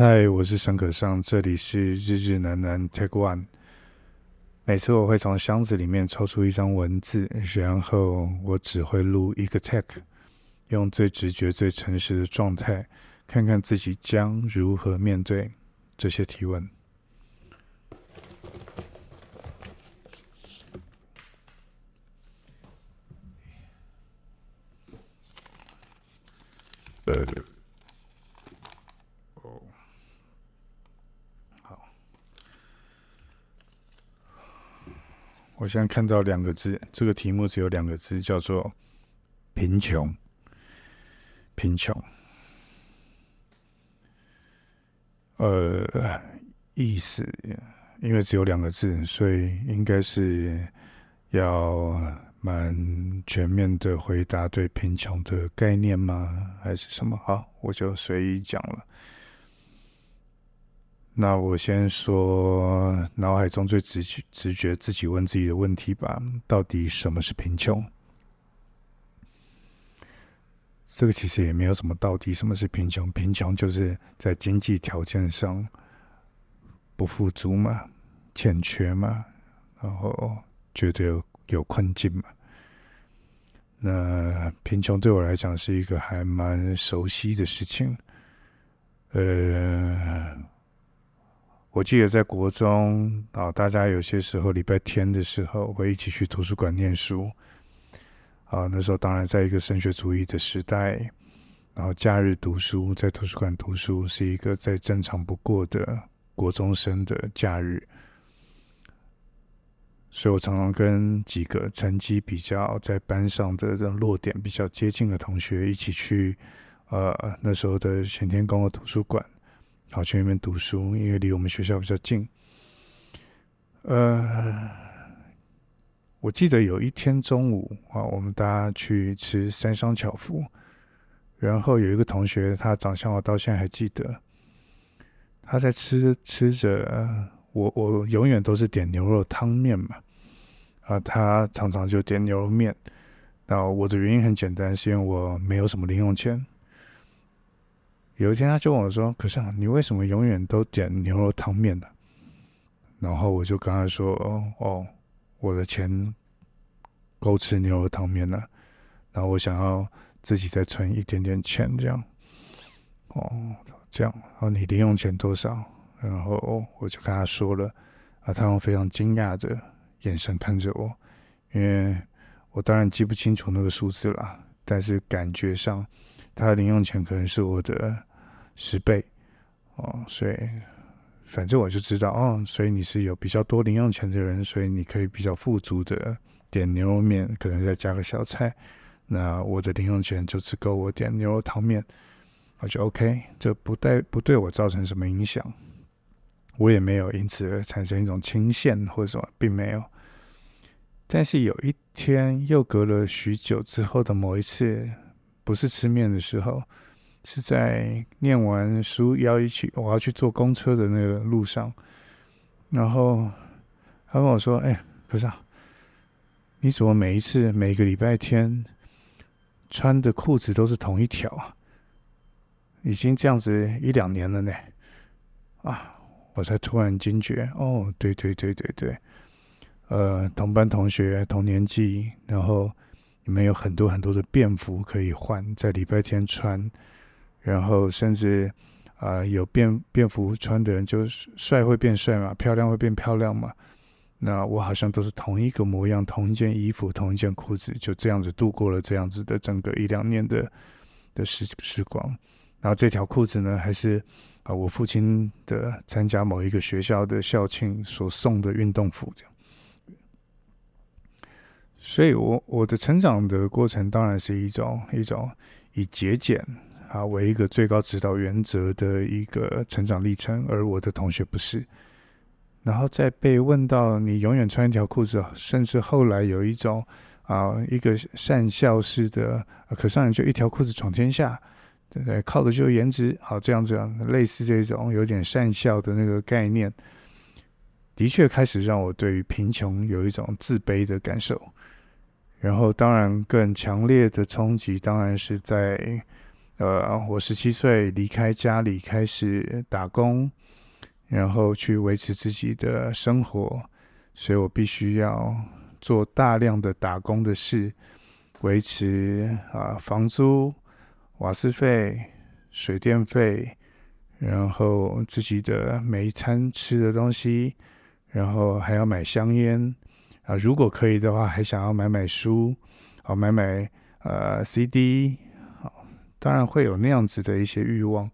嗨，Hi, 我是沈可尚，這裡是日日難難 Take One。每次我會從箱子裡面抽出一張文字，然後我只會錄一個 Take，用最直覺、最誠實的狀態，看看自己將如何面對這些提問。呃我現在看到兩個字，這個題目只有兩個字，叫做“貧窮”。貧窮，呃，意思，因為只有兩個字，所以應該是要蠻全面的回答對貧窮的概念嗎？還是什麼？好，我就隨意講了。那我先說腦海中最直覺直覺自己問自己的問題吧：到底什麼是貧窮？這個其實也沒有什麼到底什麼是貧窮。貧窮就是在經濟條件上不富足嘛、欠缺嘛，然後覺得有困境嘛。那貧窮對我來講是一個還蠻熟悉的事情，呃。我記得在國中啊，大家有些時候禮拜天的時候會一起去圖書館念書啊。那時候當然在一個升學主義的時代，然後假日讀書，在圖書館讀書是一個再正常不過的國中生的假日。所以我常常跟幾個成績比較在班上的這種落點比較接近的同學一起去，呃，那時候的玄天宮的圖書館。跑去那邊讀書，因為離我們學校比較近。呃，我記得有一天中午啊，我們大家去吃三商巧福，然後有一個同學，他長相我到現在還記得。他在吃吃着，啊，我我永遠都是點牛肉湯麵嘛，啊，他常常就點牛肉麵。那我的原因很簡單，是因為我沒有什麼零用錢。有一天，他就問我說：“可是你為什麼永遠都點牛肉湯麵呢、啊？”然後我就跟他說：“哦哦，我的錢夠吃牛肉湯麵了，然後我想要自己再存一點點錢，這樣哦這樣。然後你零用錢多少？”然後哦，我就跟他說了。啊，他用非常驚訝的眼神看着我，因為我當然記不清楚那個數字啦，但是感覺上，他的零用錢可能是我的。十倍，哦，所以反正我就知道，哦，所以你是有比較多零用錢的人，所以你可以比較富足的點牛肉麵，可能再加個小菜。那我的零用錢就只夠我點牛肉湯麵，我就 OK，這不帶不對我造成什麼影響，我也沒有因此而產生一種傾向或者什麼，並沒有。但是有一天，又隔了許久之後的某一次，不是吃麵的時候。是在念完書要一起，我要去坐公車的那個路上，然後他跟我說：“哎、欸，可是啊，你怎麼每一次每個禮拜天穿的褲子都是同一條啊？已經這樣子一兩年了呢！”啊，我才突然驚覺，哦，對對對對對，呃，同班同學同年紀，然後你們有很多很多的便服可以換，在禮拜天穿。然後，甚至啊、呃，有便便服穿的人，就帥會變帥嘛，漂亮會變漂亮嘛。那我好像都是同一個模樣，同一件衣服，同一件褲子，就這樣子度過了這樣子的整個一兩年的的時時光。然後這條褲子呢，還是啊、呃，我父親的參加某一個學校的校慶所送的運動服，這樣。所以我我的成長的過程，當然是一種一種以節儉。啊，為一個最高指導原則的一個成長歷程，而我的同學不是。然後在被問到你永遠穿一條褲子，甚至後來有一種啊，一個訕笑式的，啊、可上人就一條褲子闖天下，對，對，對，靠的就是顏值。好，這樣這樣、啊，類似這種有點訕笑的那個概念，的確開始讓我對於貧窮有一種自卑的感受。然後，當然更強烈的衝擊當然是在。呃，我十七歲離開家裡開始打工，然後去維持自己的生活，所以我必須要做大量的打工的事，維持啊、呃、房租、瓦斯費、水電費，然後自己的每一餐吃的東西，然後還要買香煙啊、呃，如果可以的話，還想要買買書，啊，買買呃 CD。當然會有那樣子的一些慾望，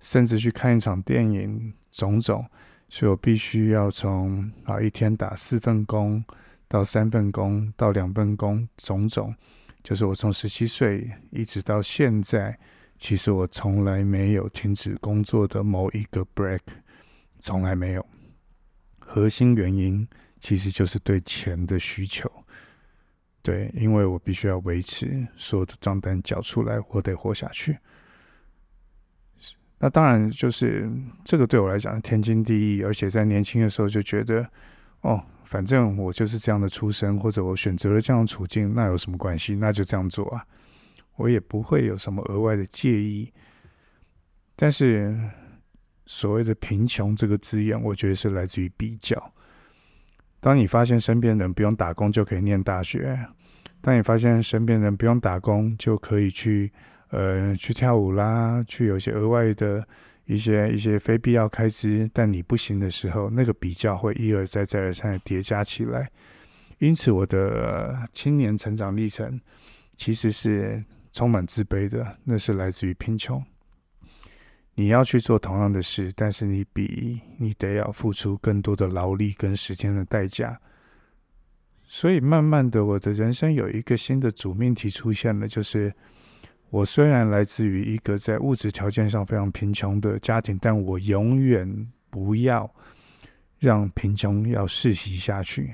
甚至去看一場電影，種種，所以我必須要從啊一天打四份工到三份工到兩份工，種種，就是我從十七歲一直到現在，其實我從來沒有停止工作的某一個 break，從來沒有。核心原因其實就是對錢的需求。對，因為我必須要維持所有的賬單繳出來，我得活下去。那當然，就是這個對我來講天經地義，而且在年輕的時候就覺得，哦，反正我就是這樣的出身，或者我選擇了這樣的處境，那有什麼關係？那就這樣做啊，我也不會有什麼額外的介意。但是所謂的貧窮這個字眼，我覺得是來自於比較。當你發現身邊人不用打工就可以念大學，當你發現身邊人不用打工就可以去，呃，去跳舞啦，去有些額外的一些一些非必要開支，但你不行的時候，那個比較會一而再再而三的疊加起來。因此，我的，呃，青年成長歷程其實是充滿自卑的，那是來自於貧窮。你要去做同樣的事，但是你比你得要付出更多的勞力跟時間的代價。所以慢慢的，我的人生有一個新的主命題出現了，就是我雖然來自於一個在物質條件上非常貧窮的家庭，但我永遠不要讓貧窮要世襲下去。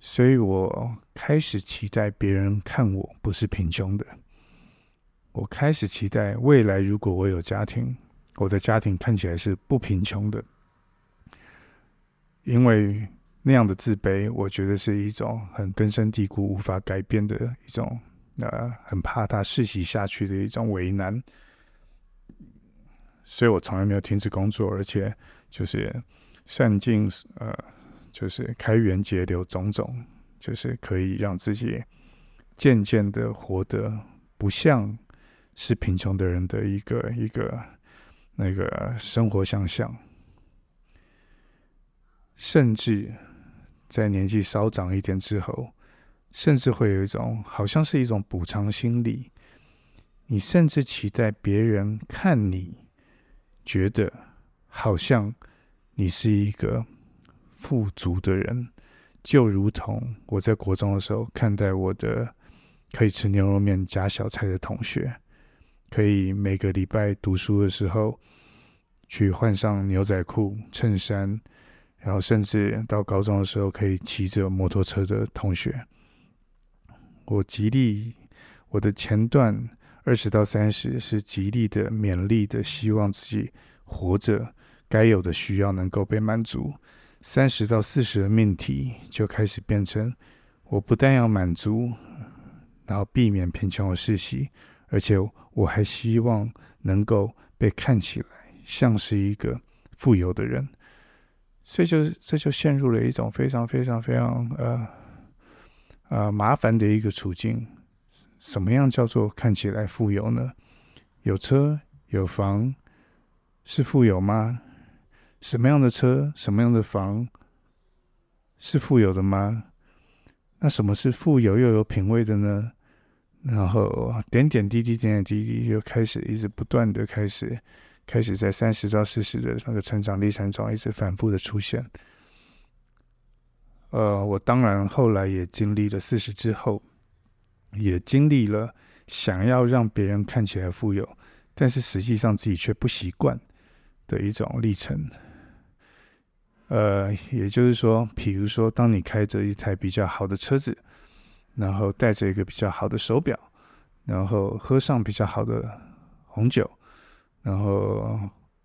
所以我開始期待別人看我不是貧窮的。我開始期待未來，如果我有家庭，我的家庭看起來是不貧窮的，因為那樣的自卑，我覺得是一種很根深蒂固、無法改變的一種，呃，很怕他世襲下去的一種為難。所以我從來沒有停止工作，而且就是善盡，呃，就是開源節流種種，就是可以讓自己漸漸的活得不像。是貧窮的人的一個一個那個生活想象甚至在年紀稍長一點之後，甚至會有一種好像是一種補償心理，你甚至期待別人看你，覺得好像你是一個富足的人，就如同我在國中的時候看待我的可以吃牛肉麵加小菜的同學。可以每個禮拜讀書的時候，去換上牛仔褲、襯衫，然後甚至到高中的時候可以騎着摩托車的同學。我極力，我的前段二十到三十是極力的勉勵的，希望自己活着該有的需要能夠被滿足。三十到四十的命題就開始變成，我不但要滿足，然後避免貧窮的世襲，而且。我還希望能夠被看起來像是一個富有的人，所以就這就陷入了一種非常非常非常呃呃麻煩的一個處境。什麼樣叫做看起來富有呢？有車有房是富有嗎？什麼樣的車什麼樣的房是富有的嗎？那什麼是富有又有品味的呢？然後點點滴滴，點點滴滴就開始，一直不斷的開始，開始在三十到四十的那個成長歷程中，一直反覆的出現。呃，我當然後來也經歷了四十之後，也經歷了想要讓別人看起來富有，但是實際上自己卻不習慣的一種歷程。呃，也就是說，比如說，當你開着一台比較好的車子。然後戴著一個比較好的手錶，然後喝上比較好的紅酒，然後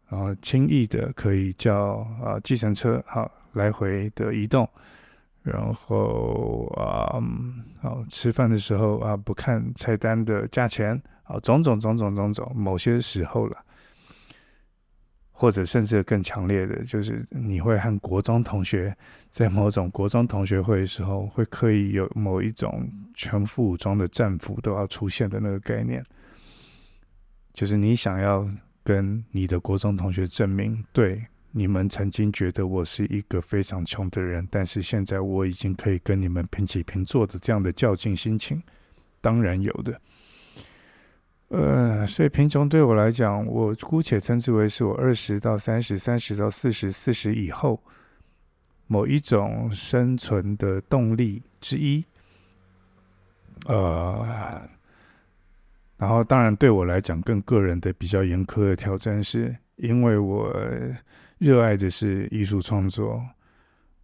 然後輕易的可以叫啊計程車好來回的移動，然後啊好吃飯的時候啊不看菜單的價錢啊種種種種種種某些時候了。或者甚至更強烈的，就是你會和國中同學在某種國中同學會的時候，會刻意有某一種全副武裝的戰服都要出現的那個概念，就是你想要跟你的國中同學證明，對你們曾經覺得我是一個非常窮的人，但是現在我已經可以跟你們平起平坐的這樣的較勁心情，當然有的。呃，所以貧窮對我來講，我姑且稱之為是我二十到三十、三十到四十、四十以後某一種生存的動力之一。呃，然後當然對我來講更個人的比較嚴苛的挑戰，是因為我熱愛的是藝術創作，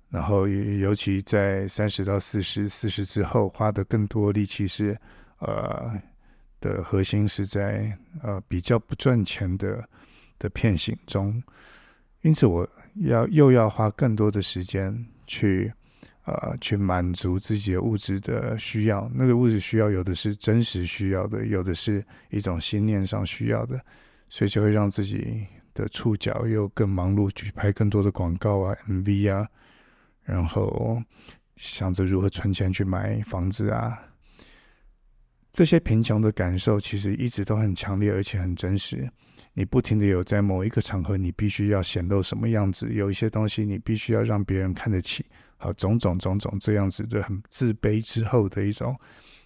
然後尤其在三十到四十、四十之後花的更多力氣是呃。的核心是在呃比較不賺錢的的片型中，因此我要又要花更多的時間去呃去滿足自己的物質的需要。那個物質需要有的是真實需要的，有的是一種心念上需要的，所以就會讓自己的觸角又更忙碌，去拍更多的廣告啊、MV 啊，然後想着如何存錢去買房子啊。這些貧窮的感受其實一直都很強烈，而且很真實。你不停的有在某一個場合，你必須要顯露什麼樣子，有一些東西你必須要讓別人看得起，好，種種種種這樣子的很自卑之後的一種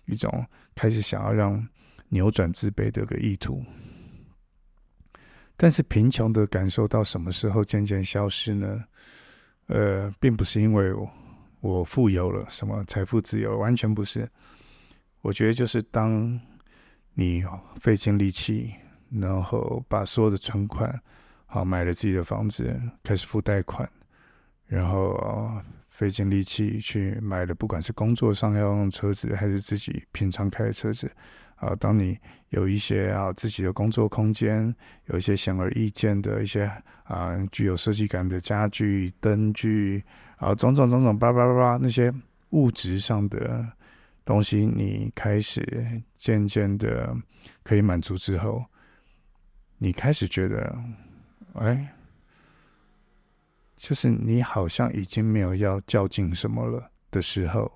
一種開始想要讓扭轉自卑的個意圖。但是貧窮的感受到什麼時候漸漸消失呢？呃，並不是因為我富有了，什麼財富自由，完全不是。我覺得就是當你費盡力氣，然後把所有的存款好買了自己的房子，開始付貸款，然後費盡力氣去買了，不管是工作上要用車子，還是自己平常開的車子，啊，當你有一些啊自己的工作空間，有一些顯而易見的一些啊具有設計感的家具、燈具，啊，種種種種，叭叭叭叭，那些物質上的。東西你開始漸漸的可以滿足之後，你開始覺得，哎，就是你好像已經沒有要較勁什麼了的時候，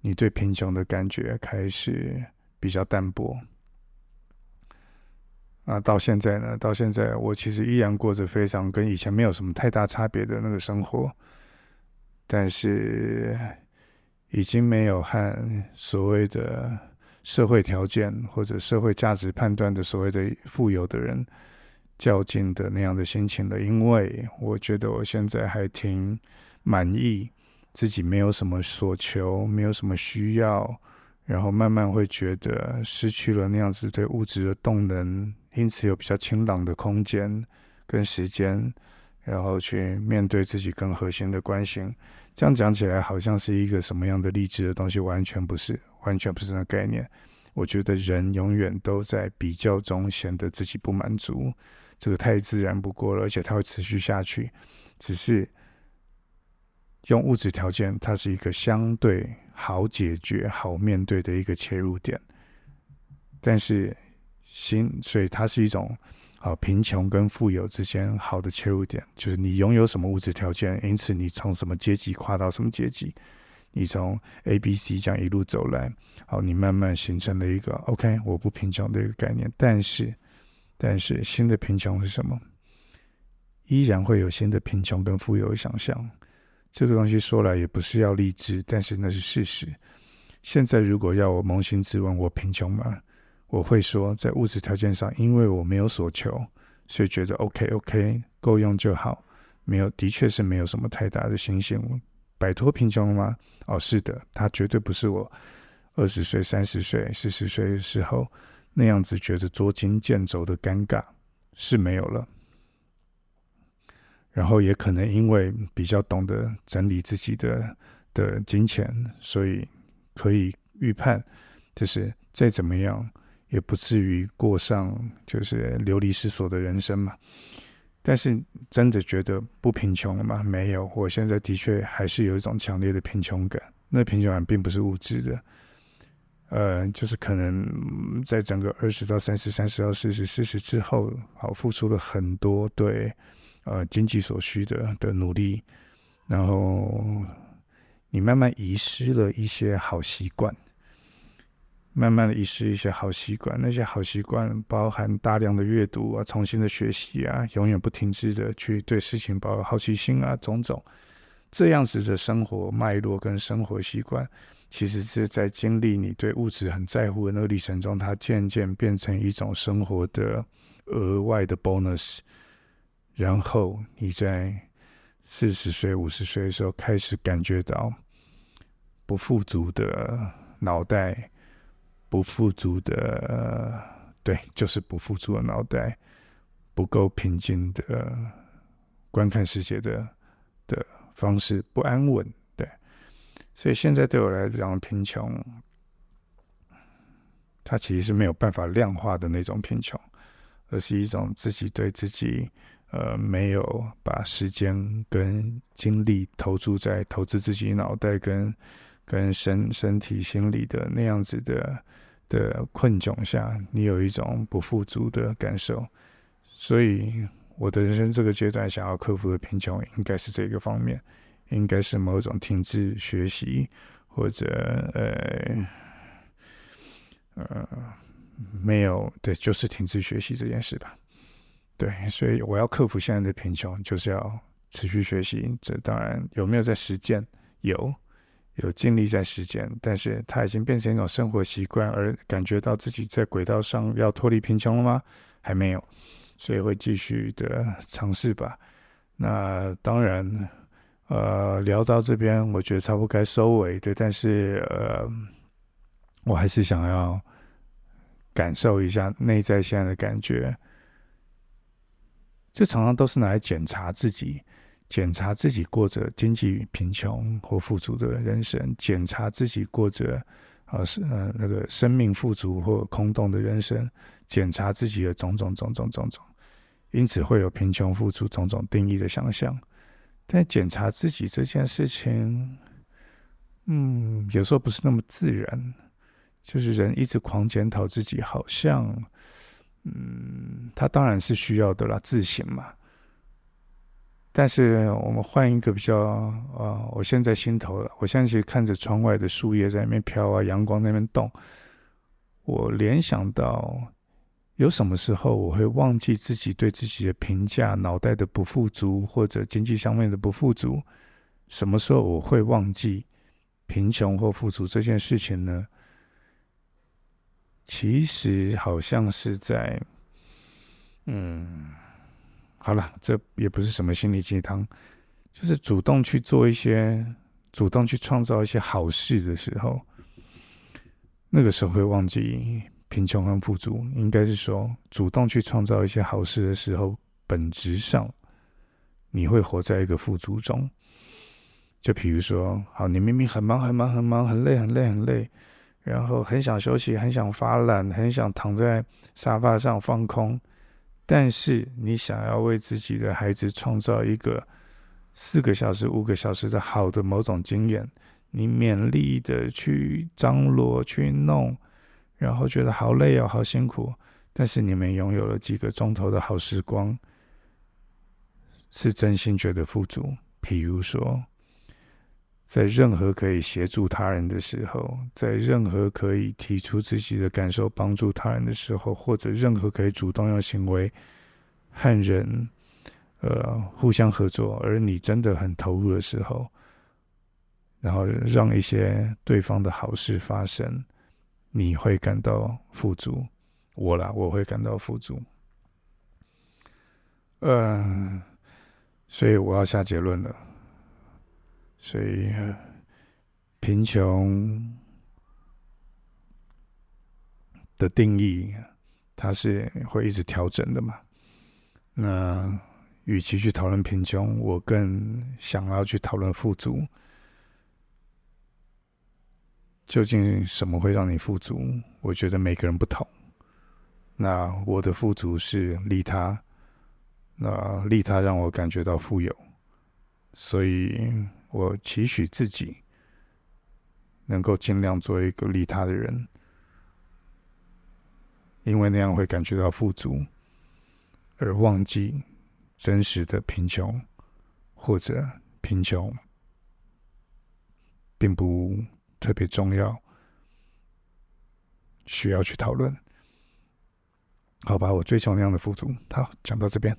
你對貧窮的感覺開始比較淡薄。啊，到現在呢？到現在我其實依然過着非常跟以前沒有什麼太大差別的那個生活，但是，已經沒有和所謂的社會條件或者社會價值判斷的所謂的富有的人較勁的那樣的心情了，因為我覺得我現在還挺滿意，自己沒有什麼所求，沒有什麼需要，然後慢慢會覺得失去了那樣子對物質的動能，因此有比較清朗的空間跟時間。然後去面對自己更核心的關心，這樣講起來好像是一個什麼樣的勵志的東西，完全不是，完全不是那個概念。我覺得人永遠都在比較中顯得自己不滿足，這個太自然不過了，而且它會持續下去。只是用物質條件，它是一個相對好解決、好面對的一個切入點，但是。新，所以它是一種啊貧窮跟富有之間好的切入點，就是你擁有什麼物質條件，因此你從什麼階級跨到什麼階級，你從 A、B、C 這樣一路走來，好，你慢慢形成了一個 OK，我不貧窮的一個概念。但是，但是新的貧窮是什麼？依然會有新的貧窮跟富有想象。這個東西說來也不是要勵志，但是那是事實。現在如果要我捫心自問，我貧窮嗎？我會說，在物質條件上，因為我沒有所求，所以覺得 OK OK，夠用就好。沒有，的確是沒有什麼太大的新鮮。我擺脫貧窮了嗎？哦，是的，他絕對不是我二十歲、三十歲、四十歲的時候那樣子覺得捉襟見肘的尷尬是沒有了。然後也可能因為比較懂得整理自己的的金錢，所以可以預判，就是再怎麼樣。也不至於過上就是流離失所的人生嘛。但是真的覺得不貧窮了嗎？沒有，我現在的確還是有一種強烈的貧窮感。那貧窮感並不是物質的，呃，就是可能在整個二十到三十、三十到四十、四十之後，好付出了很多對呃經濟所需的的努力，然後你慢慢遺失了一些好習慣。慢慢的遺失一些好習慣，那些好習慣包含大量的閱讀啊，重新的學習啊，永遠不停止的去對事情抱有好奇心啊，種種這樣子的生活脈絡跟生活習慣，其實是在經歷你對物質很在乎的那個歷程中，它漸漸變成一種生活的額外的 bonus。然後你在四十歲、五十歲的時候，開始感覺到不富足的腦袋。不富足的，對，就是不富足的腦袋，不夠平靜的觀看世界的的方式，不安穩，對。所以現在對我來講，貧窮，它其實是沒有辦法量化的那種貧窮，而是一種自己對自己，呃，沒有把時間跟精力投注在，投資自己腦袋跟。跟身身體、心理的那樣子的的困窘下，你有一種不富足的感受，所以我的人生這個階段想要克服的貧窮，應該是這個方面，應該是某種停止學習或者呃呃沒有對，就是停止學習這件事吧。對，所以我要克服現在的貧窮，就是要持續學習。這當然，有沒有在實踐？有。有盡力在實踐，但是他已經變成一種生活習慣，而感覺到自己在軌道上要脫離貧窮了嗎？還沒有，所以會繼續的嘗試吧。那當然，呃，聊到這邊，我覺得差不多該收尾，對，但是，呃，我還是想要感受一下內在現在的感覺。這常常都是拿來檢查自己。檢查自己過着經濟貧窮或富足的人生，檢查自己過着啊，是呃那個生命富足或空洞的人生，檢查自己的種種種種種種，因此會有貧窮富足種種定義的想象。但檢查自己這件事情，嗯，有時候不是那麼自然，就是人一直狂檢討自己，好像，嗯，他當然是需要的啦，自省嘛。但是我們換一個比較啊，我現在心頭了。我現在是看着窗外的樹葉在那邊飄啊，陽光在那邊動。我聯想到，有什麼時候我會忘記自己對自己的評價？腦袋的不富足，或者經濟上面的不富足，什麼時候我會忘記貧窮或富足這件事情呢？其實好像是在，嗯。好了，這也不是什麼心靈雞湯，就是主動去做一些、主動去創造一些好事的時候，那個時候會忘記貧窮跟富足。應該是說，主動去創造一些好事的時候，本質上你會活在一個富足中。就比如說，好，你明明很忙、很忙、很忙、很累、很累、很累，然後很想休息、很想發懶、很想躺在沙發上放空。但是你想要為自己的孩子創造一個四個小時、五個小時的好的某種經驗，你勉力的去張羅去弄，然後覺得好累哦，好辛苦。但是你們擁有了幾個鐘頭的好時光，是真心覺得富足。比如說。在任何可以協助他人的時候，在任何可以提出自己的感受幫助他人的時候，或者任何可以主動用行為和人呃互相合作，而你真的很投入的時候，然後讓一些對方的好事發生，你會感到富足。我啦，我會感到富足。嗯、呃，所以我要下結論了。所以，貧窮的定義，它是會一直調整的嘛？那與其去討論貧窮，我更想要去討論富足。究竟什麼會讓你富足？我覺得每個人不同。那我的富足是利他，那利他讓我感覺到富有，所以。我期許自己能夠盡量做一個利他的人，因為那樣會感覺到富足，而忘記真實的貧窮，或者貧窮並不特別重要，需要去討論。好吧，我追求那樣的富足。好，講到這邊。